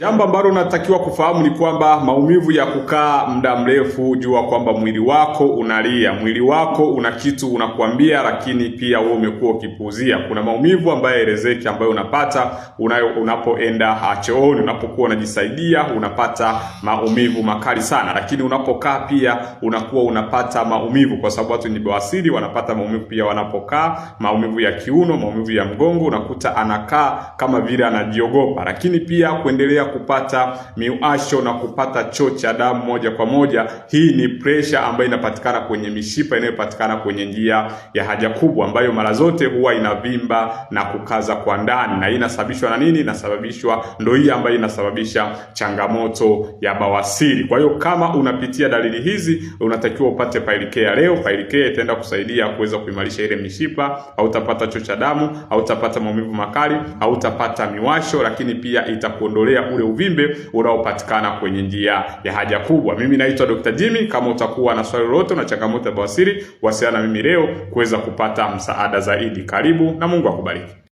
Jambo ambalo unatakiwa kufahamu ni kwamba maumivu ya kukaa muda mrefu, jua kwamba mwili wako unalia, mwili wako una kitu unakuambia, lakini pia wewe umekuwa ukipuuzia. Kuna maumivu ambayo elezeki ambayo unapata unayo unapoenda chooni, unapokuwa unajisaidia unapata maumivu makali sana, lakini unapokaa pia unakuwa unapata maumivu, kwa sababu watu ni bawasiri wanapata maumivu pia wanapokaa, maumivu ya kiuno, maumivu ya mgongo, unakuta anakaa kama vile anajiogopa, lakini pia kuendelea kupata miwasho na kupata choo cha damu moja kwa moja. Hii ni presha ambayo inapatikana kwenye mishipa inayopatikana kwenye njia ya haja kubwa, ambayo mara zote huwa inavimba na kukaza kwa ndani, na hii inasababishwa na nini? Inasababishwa ndio hii ambayo inasababisha changamoto ya bawasiri. Kwa hiyo kama unapitia dalili hizi, unatakiwa upate pailikea leo. Pailikea itaenda kusaidia kuweza kuimarisha ile mishipa, hautapata choo cha damu, hautapata maumivu makali, hautapata miwasho, lakini pia itakuondolea ule uvimbe unaopatikana kwenye njia ya haja kubwa. Mimi naitwa Dr. Jimmy. Kama utakuwa na swali lolote na changamoto ya bawasiri, wasiliana na mimi leo kuweza kupata msaada zaidi. Karibu na Mungu akubariki.